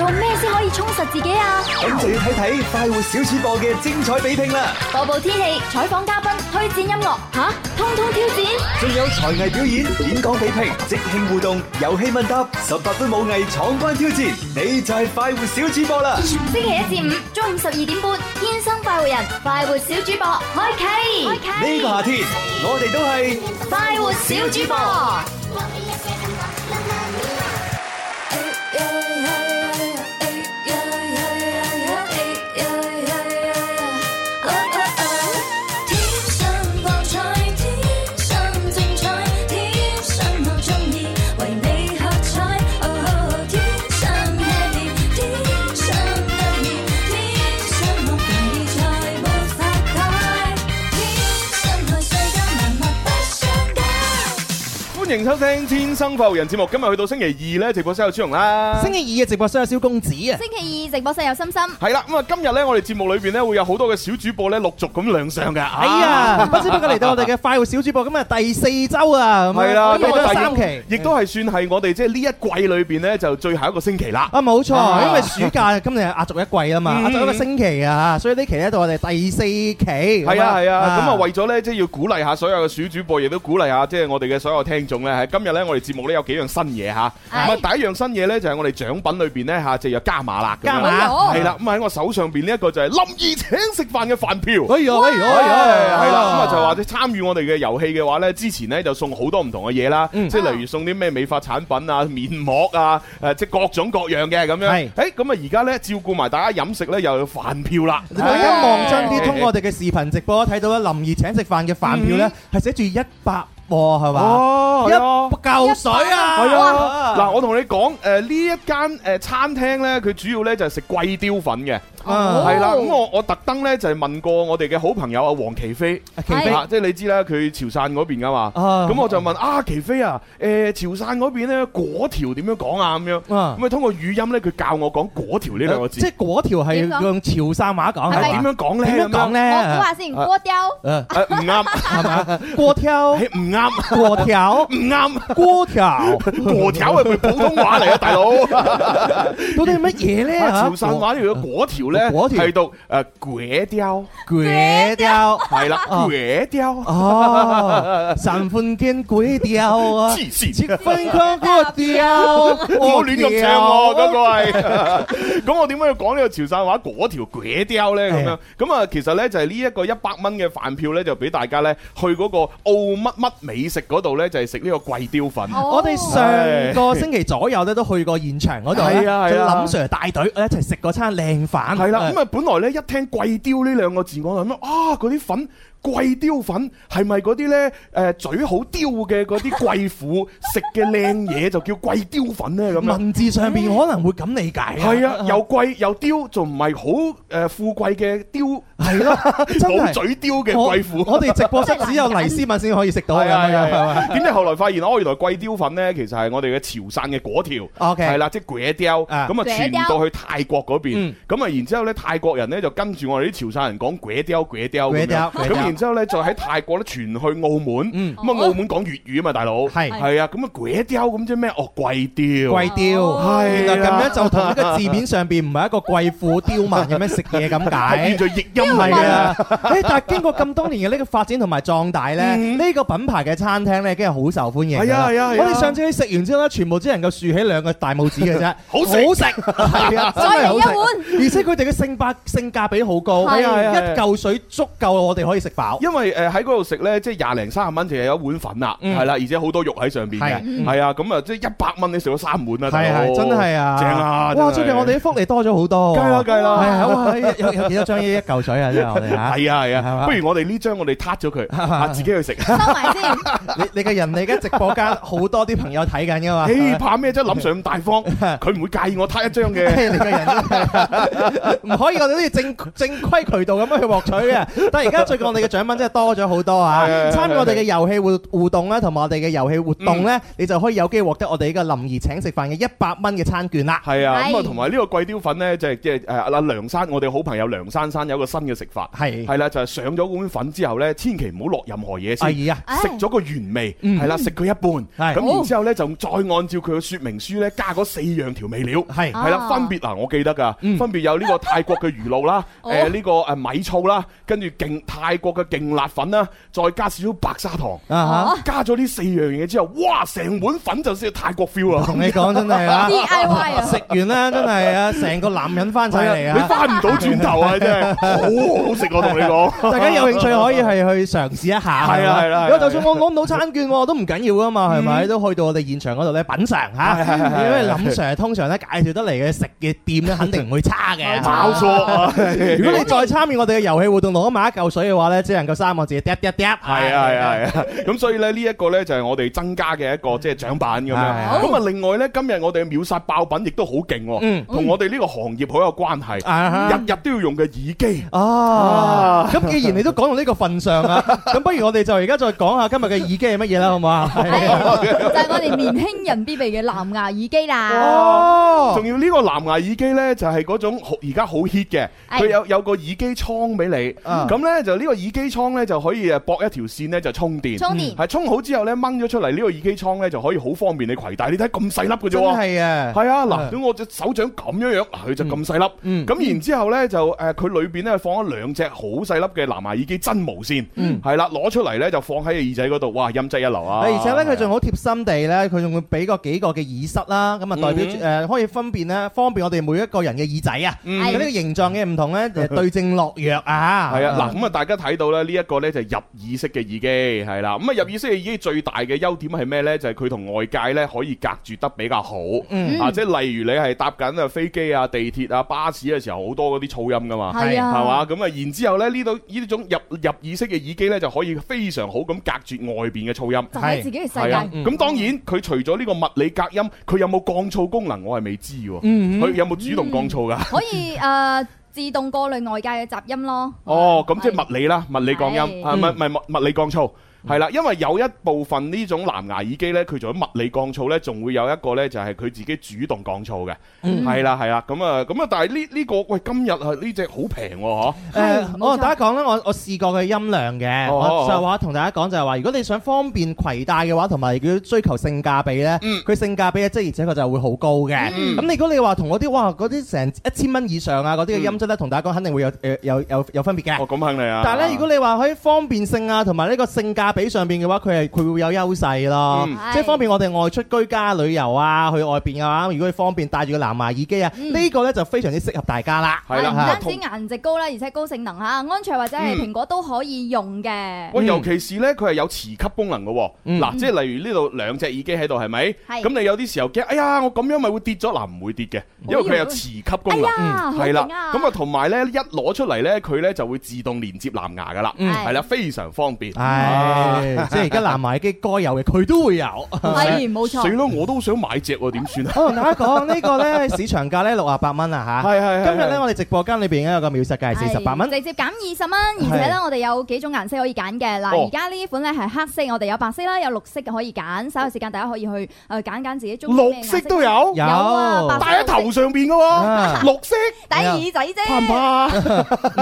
做咩先可以充實自己啊？咁就要睇睇快活小主播嘅精彩比拼啦！播報天氣、採訪嘉賓、推薦音樂，吓、啊、通通挑戰。仲有才藝表演、演講比拼、即興互動、遊戲問答、十八般武藝闖關挑戰，你就係快活小主播啦！星期一至五中午十二點半，天生快活人，快活小主播開啟。呢個夏天，我哋都係快活小主播。歡迎收聽《天生快活人》節目。今日去到星期二咧，直播室有朱龍啦。星期二嘅直播室有小公子啊。星期二直播室有心心。係啦，咁啊，今日咧，我哋節目裏邊咧會有好多嘅小主播咧陸續咁亮相嘅。係、哎、啊，啊，不知不覺嚟到我哋嘅快活小主播，啊、今日第四周啊，係、啊、啦，第、啊啊、三期，亦都係算係我哋即係呢一季裏邊咧就最後一個星期啦。啊，冇錯、啊，因為暑假、啊啊、今日壓續一季啊嘛，嗯、壓續一個星期啊，所以期呢期咧到我哋第四期。係啊係啊，咁啊，啊，啊，啊為咗咧即係要鼓勵下所有嘅小主播，亦都鼓勵下即係我哋嘅所有聽眾。今日呢，我哋節目呢有幾樣新嘢哈。唔、嗯、啊，第一樣新嘢呢，就係我哋獎品裏邊呢，吓，就有加碼啦。加碼，係啦。咁喺我手上邊呢一個就係林儀請食飯嘅飯票。可以哎呀，係啦。咁啊就參與話者參與我哋嘅遊戲嘅話呢，之前呢就送好多唔同嘅嘢啦，即、嗯、係例如送啲咩美髮產品啊、面膜啊，誒即各種各樣嘅咁樣。係。咁、欸、啊，而家呢照顧埋大家飲食呢，又有飯票啦。各位觀眾，通過我哋嘅視頻直播睇到林儀請食飯嘅飯票呢，係寫住一百。哇，係嘛？哦，啊、一嚿水啊！嗱、啊，我同你講，誒、呃、呢一間誒、呃、餐廳咧，佢主要咧就係食貴雕粉嘅。係、哦、啦，咁我我特登咧就係、是、問過我哋嘅好朋友王啊黃琪飛，琪飛，即係你知啦，佢潮汕嗰邊噶嘛，咁、啊、我就問啊琪飛啊，誒、啊啊欸、潮汕嗰邊咧果條點樣講啊咁樣，咁啊通過語音咧佢教我講果條呢兩個字，啊、即係果條係用潮汕話講，點、啊、樣講咧咁樣咧？啊，我講下先，過條，唔啱係嘛？過條，唔 啱，過條，唔啱，過、啊、條，過條係咪普通話嚟啊？大佬到底係乜嘢咧？潮汕話要用果條、啊？啊啊啊啊啊啊咧嗰條係讀誒鬼雕，鬼雕係啦，鬼雕哦，三分天鬼雕，七分腔鬼雕，唔好亂咁唱喎，嗰個係。咁我點解要講呢個潮汕話？嗰條鬼雕咧咁樣，咁啊，其實咧就係呢一個一百蚊嘅飯票咧，就俾大家咧去嗰個澳乜乜美食嗰度咧，就係食呢個鬼雕粉。我哋上個星期左右咧都去過現場嗰度係啊，就林 sir 帶隊誒一齊食過餐靚飯。係啦，咁啊，本來呢一聽貴雕呢兩個字我諗到啊，𠮶 啲粉。貴雕粉係咪嗰啲咧？誒嘴好雕嘅嗰啲貴婦食嘅靚嘢就叫貴雕粉咧？咁 文字上邊可能會咁理解 啊？係啊，啊，又貴又雕，仲唔係好誒富貴嘅雕？係啦、啊，真係，好嘴雕嘅貴婦，我我哋直播室只有黎斯敏先可以食到、 嗯、啊！係啊係啊！點解、啊啊啊啊啊啊、 後來發現哦，原來貴雕粉咧其實係我哋嘅潮汕嘅粿條，係、okay，啦、啊，即係鬼雕咁啊，傳到去泰國嗰邊咁啊，然之後咧泰國人咧就跟住我哋啲潮汕人講鬼雕鬼雕咁樣咁。然之後咧就喺泰國咧傳去澳門，咁、嗯、啊澳門講粵語啊嘛，大佬係係啊，咁啊貴雕咁即咩？哦貴雕貴雕係咁樣就同呢個字面上邊唔係一個貴婦刁民咁樣食嘢咁解，變咗譯音嚟嘅。誒、這個啊，但係經過咁多年嘅呢個發展同埋壯大咧，呢、嗯這個品牌嘅餐廳咧已經係好受歡迎。係啊係啊，我哋上次去食完之後咧，全部只能夠豎起兩個大拇指嘅啫，好食好食好食，再嚟一碗，而且佢哋嘅性價性價比好高，啊！一嚿水足夠我哋可以食。因為誒喺嗰度食咧，即係廿零三十蚊就有一碗粉啦，係、嗯、啦，而且好多肉喺上邊嘅，係啊，咁啊，即係一百蚊你食咗三碗啊，係真係啊，正啊，的哇最近我哋啲福利多咗好多，計咯計咯，哇有有幾多張依一嚿水啊，有冇啊？係啊係啊，不如我哋呢張我哋撻咗佢，自己去食收埋先。你你嘅人，你而家直播間好多啲朋友睇緊噶嘛？誒 怕咩啫？林 Sir 咁大方，佢 唔會介意我撻一張嘅。 你嘅人唔 可以我哋好似正正規渠道咁樣去獲取啊。 但係而家最近我哋嘅。獎品真係多咗好多啊。參與我哋嘅遊戲互動咧，同埋我哋嘅遊戲活動呢、嗯，你就可以有機會獲得我哋呢個林怡請食飯嘅一百蚊嘅餐券啦。係啊，咁啊同埋呢個貴刁粉呢，就係即係阿梁生，我哋好朋友梁珊珊有個新嘅食法。係係啦，就係、是、上咗碗粉之後呢，千祈唔好落任何嘢先啊！食咗個原味，係、哎、啦，食佢、啊、一半，咁、嗯、然之後呢，就再按照佢嘅說明書呢，加嗰四樣調味料。係係啦，分別嗱，我記得㗎，分別有呢個泰國嘅魚露啦，呢、 呃這個誒米醋啦，跟住勁泰國嘅。勁辣粉啦，再加少少白砂糖，加咗呢四樣嘢之後，哇！成碗粉就似泰國 feel 啊！同你講真係食 完啦，真係啊，成個男人翻晒嚟啊， 你翻唔到轉頭啊！真係 好好食我同你講，大家有興趣可以係去嘗試一下，係啊，係啦。如果就算我攞唔到餐券都，都唔緊要噶嘛，係咪？都去到我哋現場嗰度咧品嘗吓。因為林 sir 通常咧介紹得嚟嘅食嘅店咧，肯定唔會差嘅。冇錯，如果你再參與我哋嘅遊戲活動，攞埋一嚿水嘅話咧。只能夠三個字，喋喋喋，係啊係啊係啊，咁所以咧呢一個咧就係我哋增加嘅一個即係獎品咁樣。咁啊，啊，啊，啊，啊、嗯嗯嗯嗯、另外咧今日我哋秒殺爆品亦都好勁喎，同我哋呢個行業好有關係，日、嗯、日都要用嘅耳機。啊，咁、啊啊啊、既然你都講到呢個份上啦，咁 不如我哋就而家再講下今日嘅耳機係乜嘢啦，好唔好 啊？就係、是、我哋年輕人必備嘅藍牙耳機啦。哦，仲要呢個藍牙耳機咧就係、是、嗰種而家好 hit 嘅，佢有、哎、有個耳機倉俾你，咁咧就呢個耳機。機倉咧就可以誒駁一條線咧就充電，係充，充好之後咧掹咗出嚟呢、這個耳機倉咧就可以好方便你攜帶，你睇咁細粒嘅啫，係啊，係啊，嗱、啊，咁、啊啊、我隻手掌咁樣樣，佢就咁細粒，咁、嗯嗯、然之後咧就誒佢裏邊咧放咗兩隻好細粒嘅藍牙耳機真無綫，係、嗯、啦，攞、啊、出嚟咧就放喺耳仔嗰度，哇，音質一流啊，而且咧佢仲好貼心地咧，佢仲會俾個幾個嘅耳塞啦，咁啊代表誒、嗯呃、可以分辨咧方便我哋每一個人嘅耳仔啊，咁、嗯、呢個形狀嘅唔同咧 對症落藥啊，係啊，嗱、啊，咁啊 大家睇。到呢一個咧就係入耳式嘅耳機係啦，咁啊入耳式嘅耳機最大嘅優點係咩呢？就係佢同外界咧可以隔絕得比較好，嗯、啊，即係例如你係搭緊啊飛機啊、地鐵啊、巴士嘅時候，好、啊、多嗰啲噪音噶嘛，係啊，係嘛，咁啊，然之後咧呢度呢種入入耳式嘅耳機咧就可以非常好咁隔絕外邊嘅噪音，就喺自己嘅世界。咁的、嗯、當然佢除咗呢個物理隔音，佢有冇降噪功能？我係未知嘅，佢、嗯嗯、有冇主動降噪噶？ 可以誒。Uh 自動過濾外界嘅雜音咯。哦，咁即係物理啦，物理降音，係咪？唔係物物理降噪。係啦，因為有一部分呢種藍牙耳機咧，佢做咗物理降噪咧，仲會有一個咧，就係佢自己主動降噪嘅。係啦係啦，咁啊咁啊，但係呢呢個喂，今日呢隻好平吓。誒、嗯嗯嗯嗯嗯嗯嗯嗯，我同、哦哦哦、大家講咧，我我試過佢音量嘅。就係話同大家講就係話，如果你想方便攜帶嘅話，同埋如果追求性價比咧，佢、嗯、性價比咧即係而且佢就會好高嘅。咁、嗯、如果你話同嗰啲哇嗰啲成一千蚊以上啊，嗰啲嘅音質咧，同大家講肯定會有誒有有有，有分別嘅。我、哦、咁肯定啊。但係咧，如果你話可以方便性啊，同埋呢個性價，比上邊嘅話，佢係佢會有優勢咯，嗯、即係方便我哋外出居家旅遊啊，去外邊嘅話，如果你方便帶住個藍牙耳機啊，呢、嗯個咧就非常之適合大家啦。係啦，唔、啊、單止顏值高啦，而且高性能嚇，安卓或者係蘋果都可以用嘅。喂、嗯嗯，尤其是咧，佢係有磁吸功能嘅喎。嗱、嗯啊，即係例如呢度兩隻耳機喺度，係、嗯、咪？咁你有啲時候驚，哎呀，我咁樣咪會跌咗嗱，唔、啊、會跌嘅，因為佢有磁吸功能。係、嗯、啦，咁、嗯、啊，同埋咧一攞出嚟咧，佢咧就會自動連接藍牙嘅啦。係、嗯、啦，非常方便。哎即係而家藍牙機該有嘅，佢都會有。係，冇錯。死咯！我都想買隻喎，點算啊？我同大家講呢個咧，市場價咧六十八蚊啊吓，係係今日咧，係係係係我哋直播間裏邊有一個秒殺價係四十八蚊，直接減二十蚊。而且咧，我哋有幾種顏色可以揀嘅。嗱，而家呢款咧係黑色，我哋有白色啦，有綠色嘅可以揀。稍有時間大家可以去誒揀揀自己中意嘅顏色。綠色都有，有啊，戴喺頭上邊嘅喎。綠色戴耳仔啫。 怕唔怕？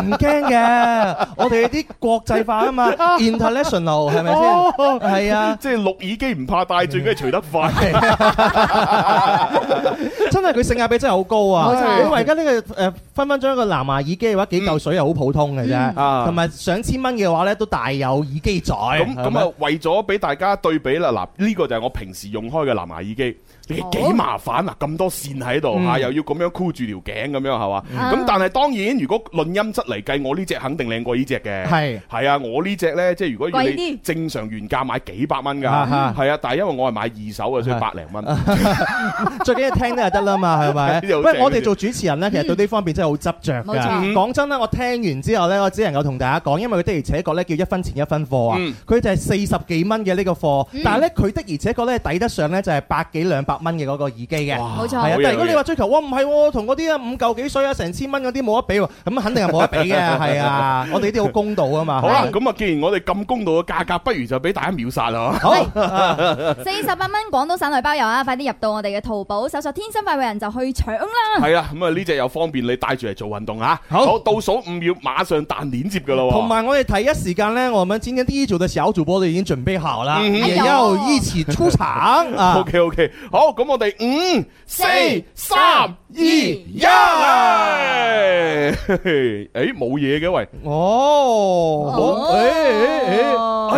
唔驚嘅，我哋啲國際化嘛 啊嘛，international。是不是哦，係、哦、啊，即係錄耳機唔怕帶住，跟住除得快。啊、 真係佢性價比真係好高啊！因為而家呢個誒、呃、分分鐘一個藍牙耳機嘅話，幾嚿水又好普通嘅啫。同、嗯、埋、嗯、上千蚊嘅話咧，都大有耳機在。咁咁啊，為咗俾大家對比啦，嗱、呃、呢、這個就係我平時用開嘅藍牙耳機。你幾麻煩啊？咁多綫喺度、嗯、啊，又要咁樣箍住條頸咁樣係嘛？咁、嗯、但係當然，如果論音質嚟計，我呢隻肯定靚過呢隻嘅。係係啊，我這隻呢隻咧，即係如果要你。正常原價買幾百蚊㗎，係啊，但係因為我係買二手嘅，所以百零蚊。最緊要聽咧就得啦嘛，係咪？喂，我哋做主持人咧，其實對呢方面真係好執著㗎。講真啦，我聽完之後咧，我只能夠同大家講，因為佢的而且確咧叫一分錢一分貨啊。佢就係四十幾蚊嘅呢個貨，但係咧佢的而且確咧抵得上咧就係百幾兩百蚊嘅嗰個耳機嘅。冇錯。係啊，但係如果你話追求，哇唔係，同嗰啲啊五舊幾水啊成千蚊嗰啲冇得比喎，咁肯定係冇得比嘅，係啊。我哋啲好公道啊嘛。好啦，咁啊，既然我哋咁公道嘅價。不如就俾大家秒殺咯！好，四十八蚊廣東省內包郵啊！快啲入到我哋嘅淘寶，搜索天生快活人就去搶啦！係啦、啊，咁啊呢隻又方便你帶住嚟做運動吓、啊。好，倒數五秒，馬上彈鏈接噶咯！同埋我哋第一時間咧，我哋啲做嘅小主播都已經準備好啦，又一齊出場。 OK OK，好，咁我哋五、四、 哎、三、二、一，誒，冇嘢嘅喂，哦，哦哎哎哎哎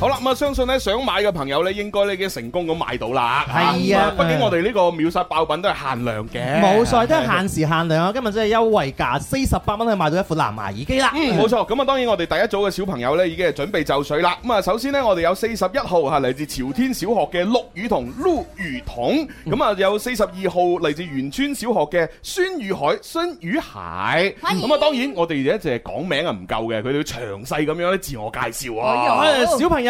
好啦，咁、嗯、啊，相信咧想買嘅朋友咧，應該咧已經成功咁買到啦。係啊，畢竟我哋呢個秒殺爆品都係限量嘅。冇錯，都係限時限量啊！今日真係優惠價四十八蚊，可以買到一副藍牙耳機啦。嗯，冇錯。咁啊，當然我哋第一組嘅小朋友咧，已經係準備就緒啦。咁啊，首先呢，我哋有四十一號嚇，嚟自朝天小學嘅陸雨彤，陸雨彤。咁啊、嗯，有四十二號嚟自員村小學嘅孫語海，孫語海。咁啊，當然我哋而家淨係講名係唔夠嘅，佢哋要詳細咁樣咧自我介紹啊，小朋友。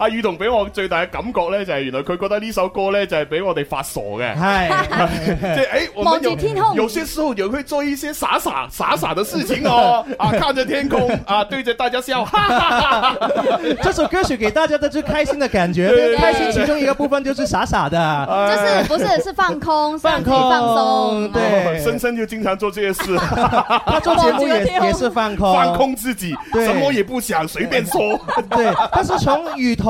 阿雨桐俾我最大嘅感覺呢，就係、是、原來佢覺得呢首歌呢，就係、是、俾我哋發傻嘅，係即係哎，望住天空，有些時候也會做一些傻傻傻傻的事情哦。 啊，看着天空， 啊，對着大家笑。 這首歌曲給大家的最開心嘅感覺，開心。其中一個部分就是傻傻的，哎、就是不是是放空，放空放鬆。對，深深、哦、就經常做這些事， 他做節目也 也是放空，放空自己， 什麼也不想，隨便說。 對，他是從雨桐。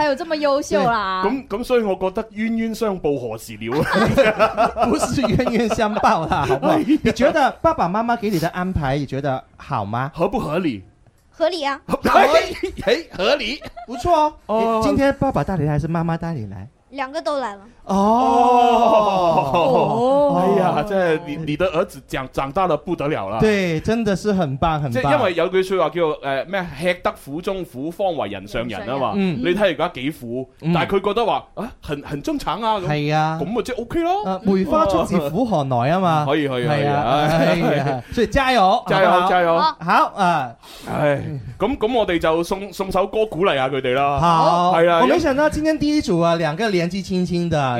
還有這麼優秀啦！咁咁，所以我覺得冤冤相報何時了啊？ 不是冤冤相報啦，好唔好？你覺得爸爸媽媽給你的安排， 你覺得好嗎？合不合理？合理啊！哎、啊， 合理，不錯哦。哦， 今天爸爸帶你來還是媽媽帶你來？兩個都來了。哦、oh, oh,，oh, oh. oh, oh, oh. 哎呀，真係你你的兒子長長大了不得了啦，對，真的是很棒，很棒。因為有句說話叫做誒咩，吃得苦中苦，方為人上人啊嘛人人。嗯，你睇而家幾苦，嗯、但係佢覺得話啊，很很中產啊咁，係、嗯 OK、啊，咁啊即係 OK 咯。梅花出自苦寒來啊嘛、嗯，可以可以係可啊，啊，啊，啊，所以加油，加油，加油，好，好啊。係咁咁，我哋就送送首歌鼓勵下佢哋啦。好，係、啊、啦。我沒想到今天第一組啊，兩個年紀輕輕嘅。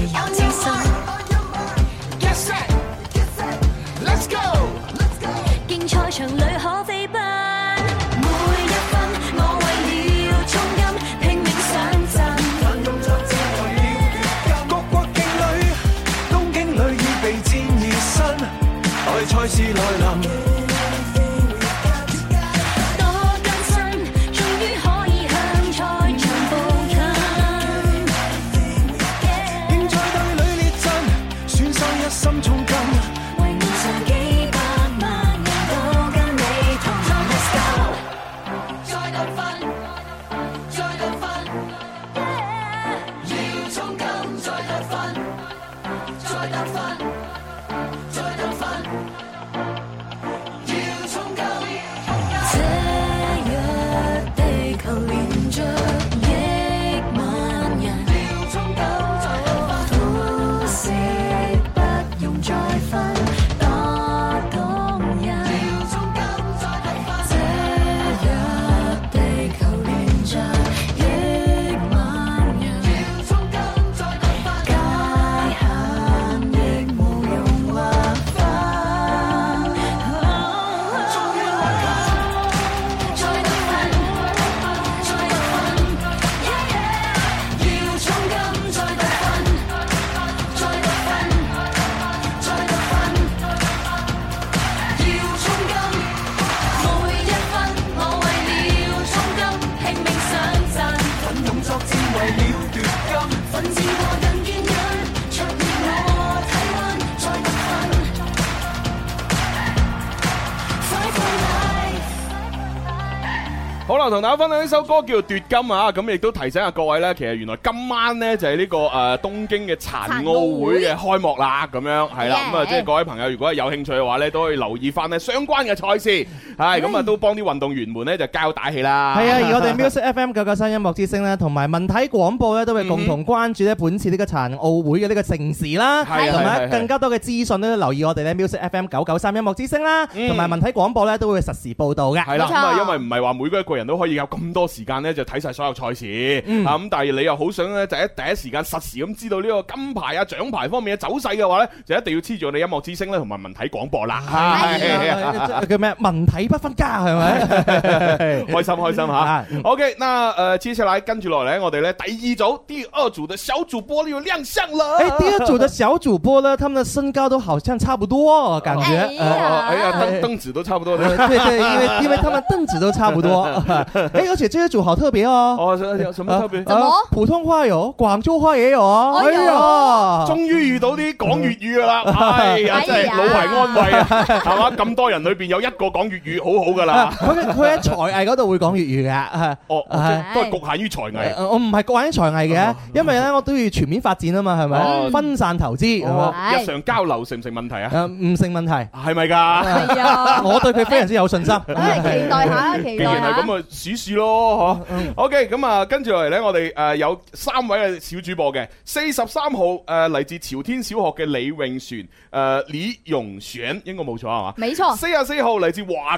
同大家分享呢首歌叫做奪金啊！咁亦都提醒下、啊、各位呢，其實原來今晚呢就是、這個，就係呢個誒東京嘅殘奧會嘅開幕啦，咁樣係啦。咁啊、Yeah. 嗯，即係各位朋友，如果係有興趣嘅話呢，都可以留意翻呢相關嘅賽事。 係咁啊，都幫啲運動員們咧就加油打氣啦。係啊，而我哋 music FM 九九三音樂之星咧，同埋文體廣播咧都會共同關注咧本次呢個殘奧會嘅呢個盛事啦，同埋更加多嘅資訊咧都留意我哋 music FM 九九三音樂之星啦，同、嗯、埋文體廣播咧都會實時報導嘅。係啦，咁因為唔係話每一個人都可以有咁多時間咧就睇晒所有賽事啊咁、嗯，但係你又好想咧就喺第一時間實時咁知道呢個金牌啊、獎牌方面嘅走勢嘅話咧，就一定要黐住我哋音樂之星咧同埋文體廣播啦。係、啊、叫咩文體？不分家係咪？開心開心吓！OK，那誒、呃，接下來跟住落嚟，我哋咧第二組，第二組嘅小主播要亮相啦！誒、欸，第二組嘅小主播咧，佢 們嘅身高都好像差唔多，感覺。哎呀，凳、哦、凳、哎哎、子都差唔多咧。對,對,對因為 因為他們凳子都差唔多。誒， 而且呢一組好特別哦。哦，有什麼特別？什、啊、普通話有，廣州話也有哎呀，終、哎、於遇到啲講粵語噶啦、嗯！哎呀，真係老懷安慰啊，係、哎、嘛？咁 多人裏邊有一個講粵語。好好噶啦，佢佢喺才藝嗰度會講粵語噶，哦，係都係局限於才藝。我唔係局限於才藝嘅，因為咧我都要全面發展啊嘛，係咪？分散投資，日常交流成唔成問題啊？誒，唔成問題，係咪噶？係啊，我對佢非常之有信心。咁係期待下一期嘅。既然係咁啊，試試咯，嗬。OK，咁啊，跟住落嚟咧，我哋誒有三位嘅小主播嘅，四十三號誒嚟自朝天小學嘅李詠璇，誒李容璇，應該冇錯係嘛？冇錯。四啊四號嚟自華。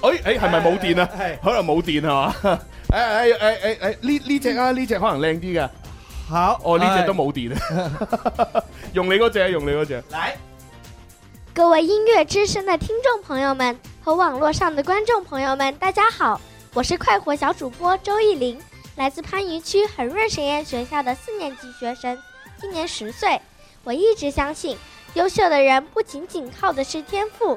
誒、哎、誒，哎、係咪冇電啊？可能冇電係嘛？誒誒誒誒誒，呢、哎、呢、哎哎哎哎哎、隻啊呢隻可能靚啲嘅。好，我、哦、呢隻都冇電啊、哎。 用你嗰隻啊，用你嗰隻。來，各位音樂之聲的聽眾朋友們和網絡上的觀眾朋友們，大家好，我是快活小主播周奕霖，來自番禺區恒潤實驗學校的四年級學生，今年十歲。我一直相信，優秀的人不僅僅靠的是天賦。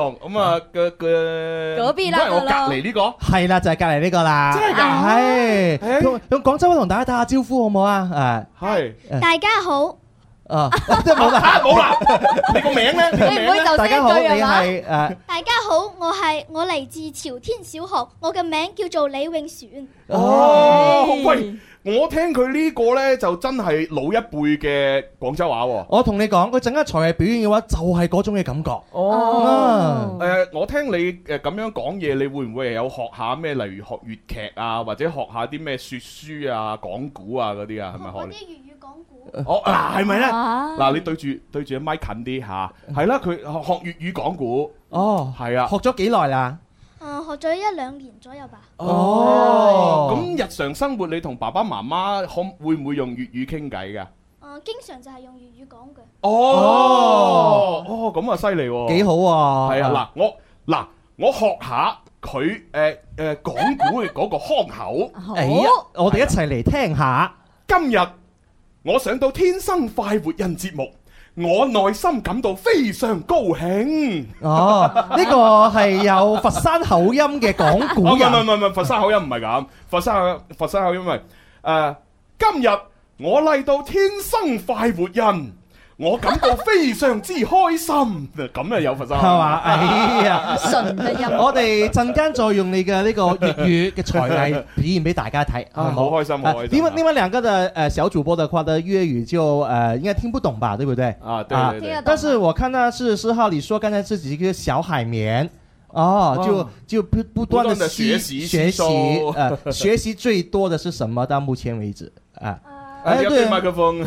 咁啊，嘅、那、嘅、個，隔啦，我隔籬呢、這個係啦，就係、是、隔籬呢個啦，真係噶，係、哎哎、用廣州話同大家打下招呼好唔好啊？係大家好，啊，即係冇啦，冇啦，啊、 你個名咧？你唔會就係呢句嘢嘛、啊？大家好，我係我嚟自朝天小學，我嘅名叫做李詠璇。哦，好鬼。我聽佢呢個呢，就真係老一輩嘅廣州話喎、哦。我同你講，佢陣間才藝表演嘅話，就係、是、嗰種嘅感覺。哦，誒、啊呃，我聽你誒咁樣講嘢，你會唔會有學下咩？例如學粵劇啊，或者學下啲咩説書啊、講古啊嗰啲啊，係咪學啲粵語，語講古？哦、啊，嗱、啊，係咪呢？嗱、啊啊，你對住對住嘅麥近啲嚇，係、啊、啦，佢、啊啊、學粵語講古。哦、啊，係啊，學咗幾耐啦？誒、uh,，學咗一兩年左右吧。哦，咁日常生活你同爸爸媽媽可會唔會用粵語傾偈噶？誒、uh,，經常就係用粵語講嘅。哦，哦，咁啊，犀利，幾好啊。係啊，嗱，我嗱我學下佢誒誒講古嘅嗰個腔口。好 ，yeah. 我哋一齊嚟聽下。今日我上到《天生快活人》節目。我內心感到非常高興。哦，呢、這個係有佛山口音嘅講古。唔唔唔唔，佛山口音唔係咁。佛山佛山口音咪誒、呃，今日我嚟到天生快活人。我感到非常之開心，咁 啊有發生係嘛？哎呀，啊啊、我哋陣間再用你嘅呢個粵語嘅才藝表現俾大家睇、 啊。好開心！另外、啊啊、你們兩、啊、個的誒小主播的話，嘅粵語就誒、啊、應該聽不懂吧？對不對？啊，對對對啊聽，但是我看到四十四號，你說剛才自己一個小海綿，哦、啊，就就不不斷的學習學習，誒，學習、啊、最多的是什麼？到目前為止，啊，你、啊、要、啊、對麥、啊、克風。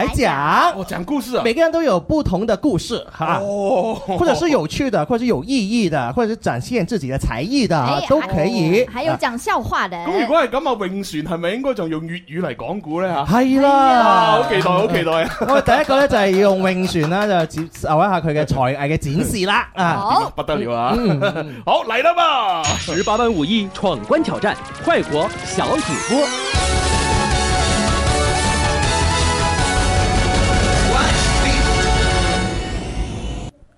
來講，講故事，啊，每個人都有不同的故事哈、oh，或者是有趣的、oh，或者是有意義的，或者是展現自己的才藝的，oh、都可以、oh。還有講笑話的。咁、啊、如果係咁啊，詠璇係咪應該就用粵語嚟講古呢？吓？係、哎、啦、啊，好期待，好期待啊！ 我第一個咧就係、是、用詠璇啦，就接受一下佢嘅才藝嘅展示啦啊！不得了啊！好，嚟、嗯、啦嘛！《十八般武藝闖關挑戰 快活小主播》。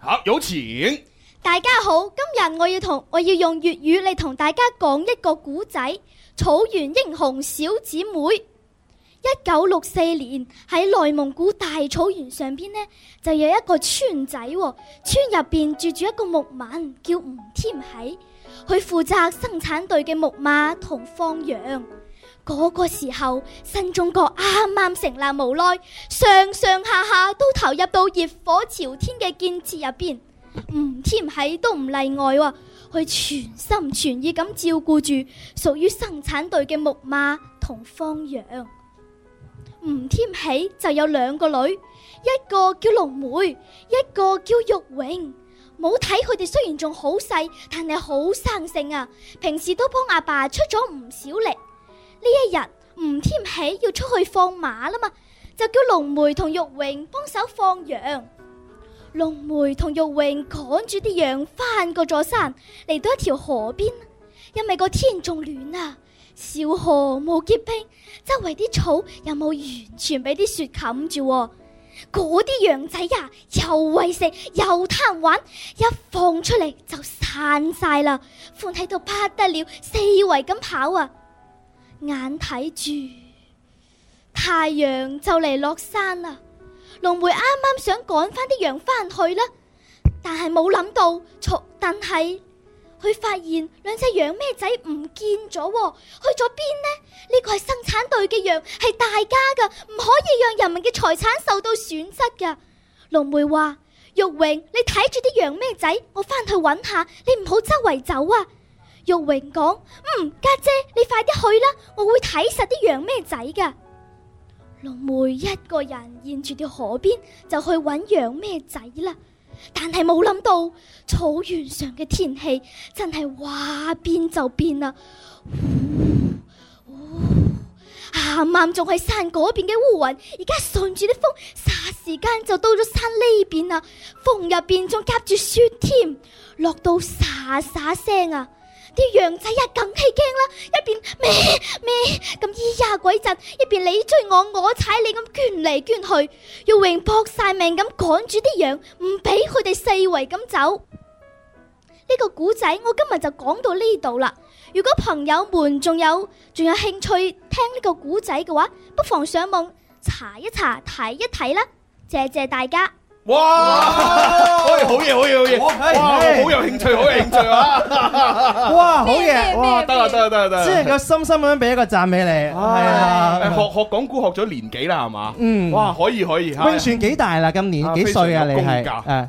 好有錢！大家好，今日我要同我要用粵語嚟同大家講一個古仔《草原英雄小姐妹》1964年。一九六四年喺內蒙古大草原上邊呢，就有一個村仔、哦，村入邊住住一個牧民叫吳添喜，佢負責生產隊嘅牧馬同放羊。嗰個時候，新中國啱啱成立，無奈上上下下都投入到熱火朝天嘅建設入邊，吳添喜都唔例外，佢全心全意咁照顧住屬於生產隊嘅木馬同方羊。吳添喜就有兩個女，一個叫龍梅，一個叫玉榮。冇睇佢哋雖然仲好細，但係好生性啊！平時都幫阿爸出咗唔少力。呢一日，吳添喜要出去放馬啦嘛，就叫龍梅同玉榮幫手放羊。龍梅同玉榮趕住啲羊翻過座山，嚟到一條河邊。因為個天仲暖啊，小河冇結冰，周圍啲草又冇完全俾啲雪冚住。嗰啲羊仔呀，又喂食又貪玩，一放出嚟就散晒啦，放喺度拍得了，四圍咁跑啊！眼睇住太陽就嚟落山啦，龍梅啱啱想趕翻啲羊翻去啦，但係冇諗到，但係佢發現兩隻羊咩仔唔見咗，去咗邊呢？呢個係生產隊嘅羊，係大家噶，唔可以讓人民嘅財產受到損失噶。龍梅話：玉榮，你睇住啲羊咩仔，我翻去揾下，你唔好周圍走啊！玉榮講：嗯，家姐，姐，你快啲去啦，我會睇實啲羊咩仔噶。龍梅一個人沿住條河邊就去搵羊咩仔啦，但係冇諗到草原上嘅天氣真係話變就變啦。嗚嗚，啱啱仲係山嗰邊嘅烏雲，而家順住啲風，霎時間就到咗山呢邊啦。風入邊仲夾住雪添，落到沙沙聲啊！啲羊仔啊，梗係驚啦！一邊咩咩咁咿、哎、呀鬼震，一邊你追我，我踩你咁捲嚟捲去。耀榮搏晒命咁趕住啲羊，唔俾佢哋四圍咁走。呢、這個古仔我今日就講到呢度啦。如果朋友們仲有仲有興趣聽呢個古仔嘅話，不妨上網查一查睇一睇啦。謝謝大家。哇！好嘢，好嘢，好嘢！好有興趣，好有興趣啊！哇，好嘢！得啦，得啦，得啦，得啦！即係個深深咁樣俾一個讚俾你，係啊！學學講古，學咗年幾啦，係嘛？嗯，哇，可以可以！軍算幾大啦？今年幾歲啊？你係？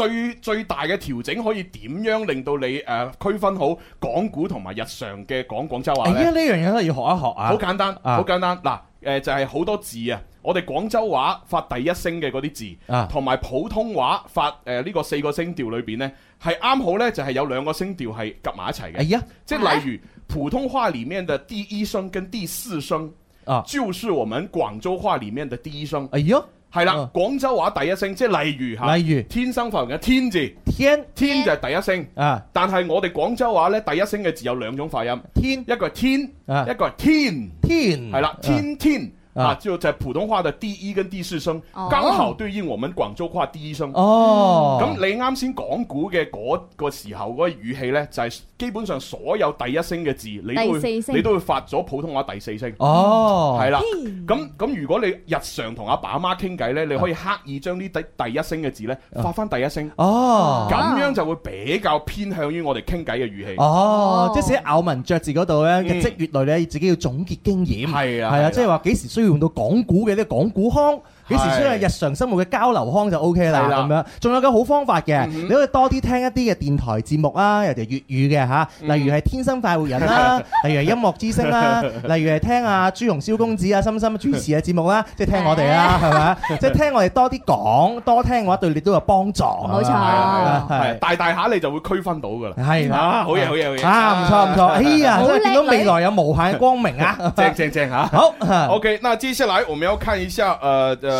最最大嘅調整可以點樣令到你誒、呃、區分好講古同埋日常嘅講廣州話咧？哎呢樣嘢都要學一學啊！好簡單，好、啊、簡單。嗱，誒、呃、就係、是、好多字啊，我哋廣州話發第一聲嘅嗰啲字，同、啊、埋普通話發誒呢、呃這個四個聲調裏邊呢，係啱好呢，就係、是、有兩個聲調係夾埋一齊嘅、哎。即係例如、啊、普通話裡面的第一聲跟第四聲、啊，就是我們廣州話裡面的第一聲。哎呀！係啦，廣州話第一聲即係、例如、例如例如天生發音嘅天字，天，天就係第一聲啊。但係我哋廣州話呢，第一聲嘅字有兩種發音，天一個係天，一個係天天，係、啊、啦、啊，天天。天天天啊！就係普通話嘅第一跟第四聲，剛好對應我們廣州話第一聲。哦。咁你啱先講古嘅嗰個時候嗰個語氣咧，就係基本上所有第一聲嘅字，你都會你都會發咗普通話第四聲。哦。係啦。咁咁，如果你日常同阿爸阿媽傾偈呢，你可以刻意將啲第第一聲嘅字呢發翻第一聲。哦。咁樣就會比較偏向於我哋傾偈嘅語氣。哦。哦，即係啲咬文嚼字嗰度呢，日積月累咧，自己要總結經驗。係啊。係啊，即係話幾時要用到港股嘅啲港股腔。幾時出去日常生活嘅交流腔就 O、ok、K 啦咁樣，仲有個好方法嘅，你可以多啲聽一啲嘅電台節目啦、啊，尤其粵語嘅嚇、啊，例如係《天生快活人、啊》啦，例如係《音樂之星、啊》啦，例如係聽阿、啊、朱紅、蕭公子啊、深深主持嘅節目啦、啊，即、就、係、是、聽我哋啦、啊，係咪即係聽我哋多啲講，多聽嘅話對你都有幫助、啊。冇、啊、錯，大大下你就會區分到㗎啦。係好嘢，好嘢，好 嘢啊！唔錯唔錯，哎呀，我見到未來有無限嘅光明啊！ 正正正、啊、嚇，好 OK。那接下來，我們要看一下誒。呃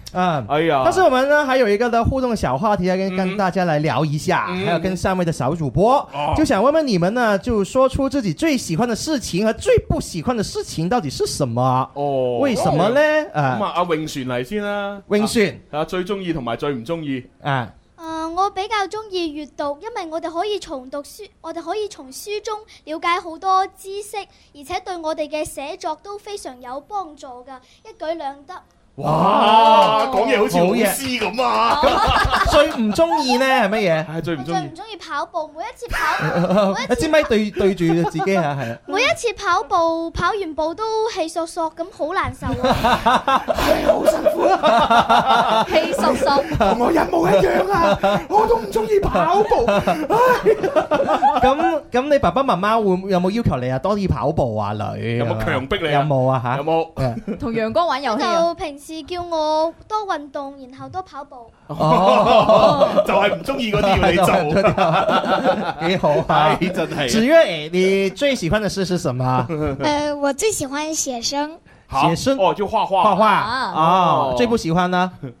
嗯，哎呀！但是我們呢還有一個的互動小話題要跟跟大家來聊一下，嗯、還有跟三位的小主播、嗯，就想問問你們呢，就說出自己最喜歡的事情和最不喜歡的事情到底是什麼？哦，為什麼呢？哦嗯嗯嗯嗯、啊，咁啊，阿詠璇嚟先啦，詠璇，啊，最中意同埋最唔中意啊？我比較中意閱讀，因為我哋可以從讀書，我哋可以從書中了解好多知識，而且對我哋嘅寫作都非常有幫助噶，一舉兩得。哇哇啊，講嘢好似好意思咁啊，最唔中意咧係乜嘢？最唔中意跑步。每一次跑，一支咪對對住自己嚇係啊！每一次跑步，次跑，步跑完步都氣索索咁，好難受啊！好辛苦啊！氣索索，同我任務一樣啊！我都唔中意跑步。咁、哎、咁，你爸爸媽媽會有冇要求你啊？多啲跑步啊，女有冇強迫你、啊？有冇啊？嚇有冇？同陽光玩遊戲、啊、平時。是叫我多運動，然後多跑步。哦，就係唔中意嗰啲要你做，幾、 欸、好係真係。子、哎、睿，你最喜歡的事是什麼？誒 呃，我最喜歡寫生。寫生哦，就畫畫畫畫啊、哦。最不喜歡呢？哦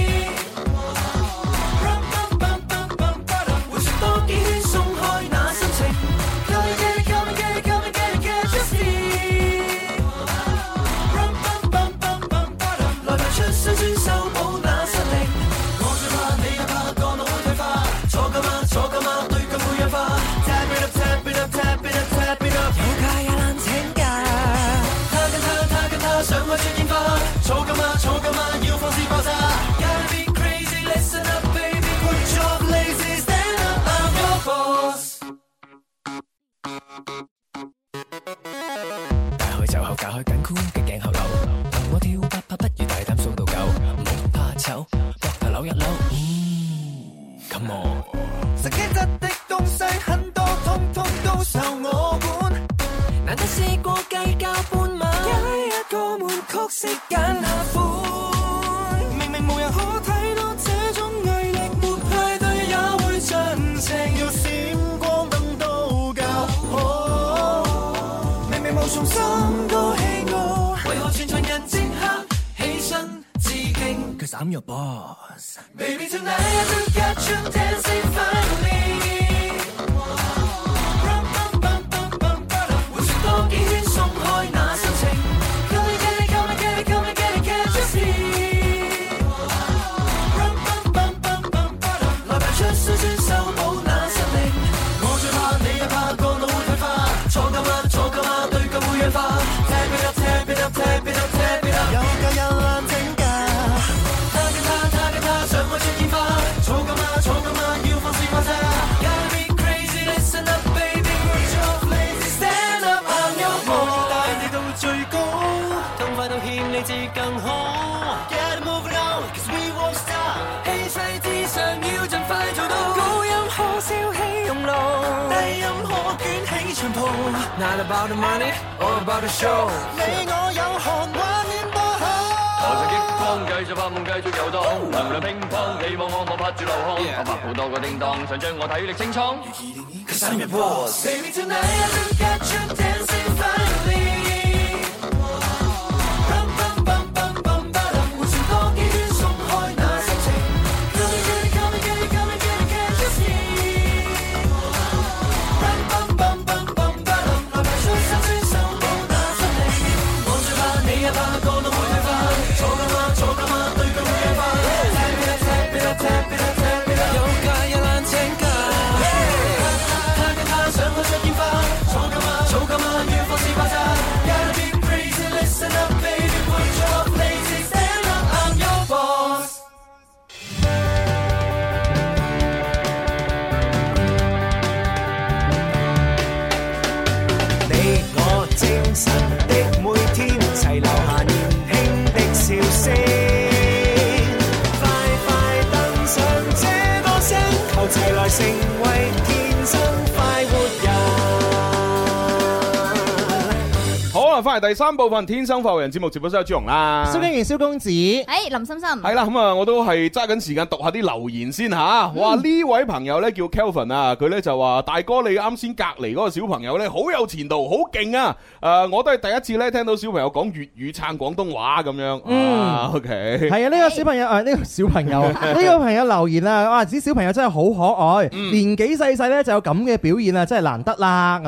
翻嚟第三部分《天生發圍人》節目，直播室阿朱紅啦，蕭經言、蕭公子，誒林心心，係啦，咁啊，我都係揸緊時間讀下啲留言先嚇。哇！呢位朋友咧叫 Kelvin 啊，佢咧就話：大哥，你啱先隔離嗰個小朋友咧，好有前途，好勁啊！誒，我都係第一次咧聽到小朋友講粵語撐廣東話咁樣。嗯，OK，係啊，呢個小朋友誒，呢個小朋友，呢個朋友留言啊，哇！啲小朋友真係好可愛，年紀細細咧就有咁嘅表現啊，真係難得啦。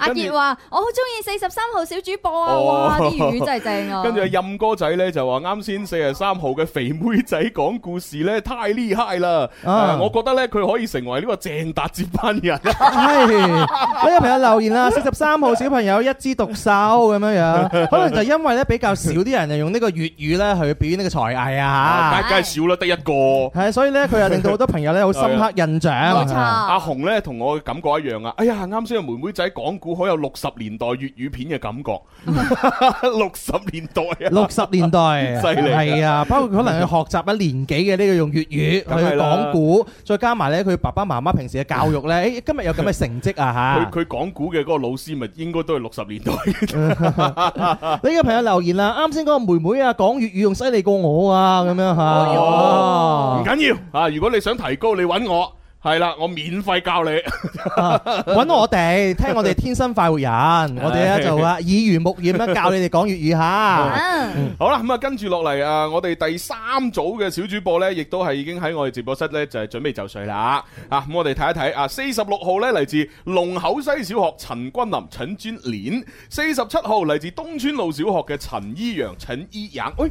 阿月話：我好中意四十三號小主播。哇！啲粵語真係正啊！哦、跟住任哥仔呢，就話：啱先四十三號嘅肥妹仔講故事呢，太厲害啦、啊呃！我覺得呢，佢可以成為呢個鄭達接班人。係好多朋友留言啦，四十三號小朋友一枝獨秀咁樣樣， 可能就因為呢比較少啲人用呢個粵語呢去表演呢個才藝啊，梗係、啊、少啦，得一個。係、哎、所以呢，佢又令到好多朋友呢好深刻印象。阿紅呢，同我感覺一樣啊！哎呀，啱先個妹妹仔講古好有六十年代粵語片嘅感覺。六十年代啊，六十年代，犀利係啊！包括可能佢學習一年幾嘅，呢個用粵語去講古，再加埋咧，佢爸爸媽媽平時嘅教育咧，誒、 啊，今日有咁嘅成績啊吓！佢講古嘅嗰個老師咪應該都係六十年代、啊。呢個 朋友留言啦、啊，啱先嗰個妹妹啊，講粵語仲犀利過我啊，咁樣吓。唔緊要啊！如果你想提高，你搵我。係啦，我免費教你，搵、 啊、我哋聽我哋天生快活人， 我哋咧就啦耳濡目染咧教你哋講粵語吓、 啊。好啦，咁啊跟住落嚟啊，我哋第三組嘅小主播呢，亦都係已經喺我哋直播室呢，就係、是、準備就緒啦。啊，咁我哋睇一睇啊，四十六號呢，嚟自龍口西小學陳君琳陳尊琳，四十七號嚟自東川路小學嘅陳依陽陳依陽。哎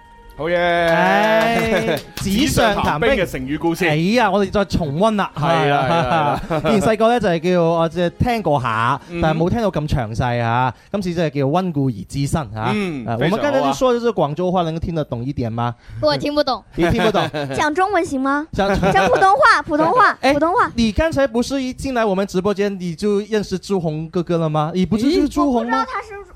好、oh、嘢、yeah，哎！紙上談兵嘅成語故事，哎呀我哋再重溫啦，係啦、啊啊啊啊。以前細個咧就係叫我即係聽過下，嗯、但係冇聽到咁詳細吓。今次真係叫溫故而知新吓。嗯，啊啊、我們剛才就說的是廣州話能夠聽得懂一點嗎？我聽不懂， 你聽不懂，講中文行嗎？講講普通話，普通話，哎、普通話。你剛才不是一進來我們直播間你就認識朱紅哥哥了嗎？你不知就是朱紅嗎？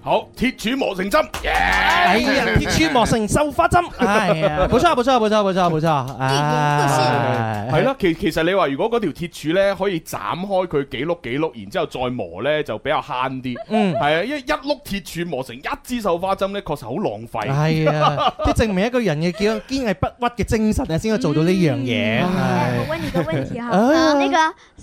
好，鐵柱磨成針，係、yeah! 啊、哎，鐵柱磨成繡花針，係 啊、哎，冇錯，冇錯，冇錯，冇錯，冇錯，係 咯、哎，其、哎、其實你話如果嗰條鐵柱咧可以斬開佢幾碌幾碌，然之後再磨咧就比較慳啲，嗯，係啊，因為一碌鐵柱磨成一支繡花針咧，確實好浪費，係、哎、啊， 證明一個人嘅叫堅毅不屈嘅精神啊，先可以做到呢樣嘢。我問你個問題啊、 哎啊，呢個。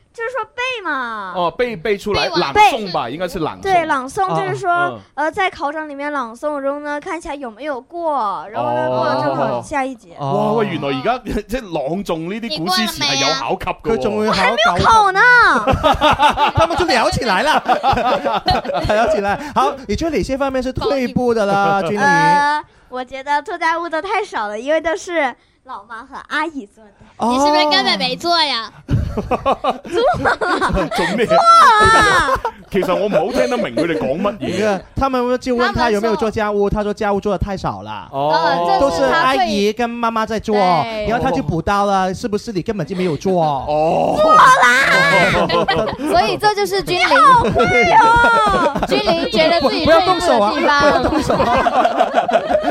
就是說背嘛，哦，背背出來朗誦吧，應該是朗、嗯嗯、誦。對，朗誦就是說，啊呃，嗯、呃，在考場裏面朗誦，然後呢，看一下有沒有過，然後呢，哦、過了就考下一節。哦哦、哇，喂，原來而家即朗誦呢啲古詩詞係有考級嘅，佢仲考。我、啊、還沒有考、啊、考，考呢。他們就聊起來了，聊起來。好，你覺得哪些方面是退步的啦，君琳？我覺得做家務的太少了，因為都是。老媽和阿姨做的、哦，你是不是根本沒做呀？ 做了做咩？哇！ 其實我唔好聽得明佢哋講乜嘢。他們就問他有沒有做家務，他說家務做得太少了。哦，哦都是阿姨跟媽媽在做、哦，然後他就補刀了。是不是你根本就沒有做？哦，做啦、哦 啊。所以這就是君琳，君琳、哦、 覺得自己會的地方，不要動手啊！不要動手啊